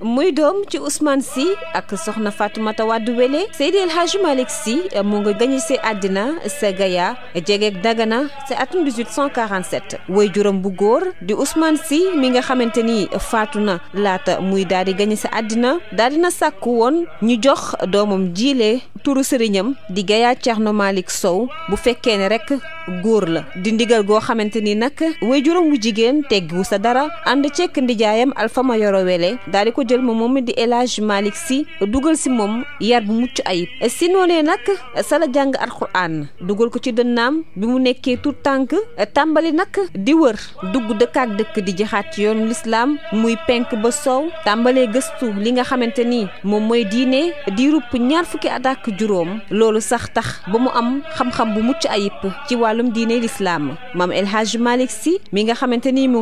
muy doom ci Ousmane si ak soxna Fatoumata Wade Wele Seydi El Hadji Malick Sy mu nga gañi si àddina sa Gaya jegeeg Dagana ci atum 1847 woy juróom bu góor di Ousmane si mi nga xamante ni faatu na laata muy daal di gañi si àddina daal na sàkku woon ñu jox doomam jiile turu sëriñam di Gaya Thierno Malick Sow bu fekkee ne rek góor la di ndigal goo xamante ni nag woy juróom bu jigéen te teggiwu sa dara ànd cekk ndijaayam Alpha Mayoro Wele daal di ko jël ma moom di El Hadj Malick Sy dugal si moom yar bu mucc ayib si noonee nag sala jàng alxuraan dugal ko ci dënnaam bi mu nekkee tout tànk tàmbali nag di wër dugg dëkkaat dëkk di jaxaat ci yoonu lislaam muy penk ba soow tàmbalee gëstu li nga xamante ni moom mooy diine di rupp ñaar fukki at ak juróom loolu sax tax ba mu am xam-xam bu mucc ayib ci wàllum diine lislaam maam El Hadj Malick Sy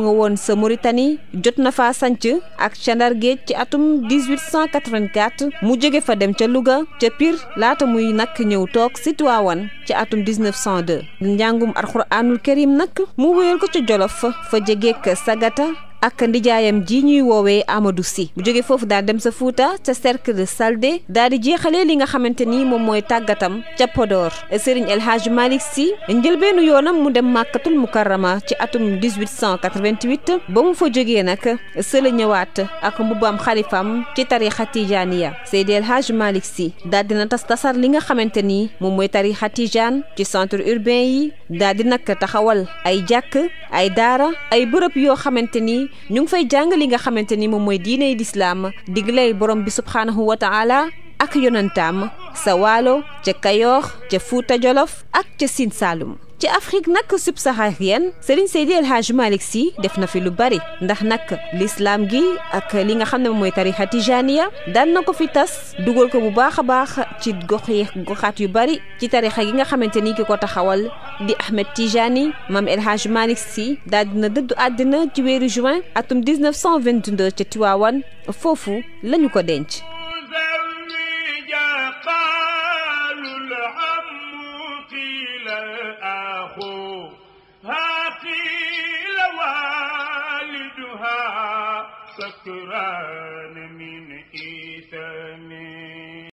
nga woon sa Mauritanie jot na faa sanc ak ca Ndar Géej ci atum 1884 mu jóge fa dem ca Louga ca piir laata muy nag ñëw toog si Tiwaawan ci atum 1902 njàngum alxuraanul karim nag mu wéyal ko ca Jolof fa jegeek Sagata ak ndijaayam ji ñuy woowee Amadou Sy bu joge foofu daal dem sa Fuuta ca cercle de Saldé daal di jeexalee li nga xamante ni moom mooy tàggatam ca Podor Serigne El Hadj Malick Sy njëlbeenu yoonam mu dem màkkatul mukarrama ci atum 1888 ba mu fa jógee nag sëla ñëwaat ak mbubbam xalifam ci tarixa tijaaniya Seydi El Hadj Malick Sy daal dina tas tasar li nga xamante ni moom mooy tarixa tijaan ci centre urbain yi daal di nag taxawal ay jàkk ay daara ay bërëb yoo xamante ni ñu ngi fay jàng li nga xamante ni moom mooy diiney lislaam diglay borom bi subhaanahu wa taala ak yonantaam sa waalo ca kayoor ca fuuta jolof ak ca siin saalum ci afrique nag subsaharienne Serigne Seydi El Hadj Malick si def na fi lu bari ndax nag lislaam gi ak li nga xam ne mooy tarixa tijaniya daan na ko fi tas dugal ko bu baax a baax ci gox yi goxaat yu bari ci tarixa gi nga xamante ni ki ko taxawal di Ahmed Tijani maam El Hadj Malick Sy daal dina dëddu àddina ci weeru juin atum 1922 ca Tiwaawan foofu lañu ko denc ها قيل والدها سكران من إثم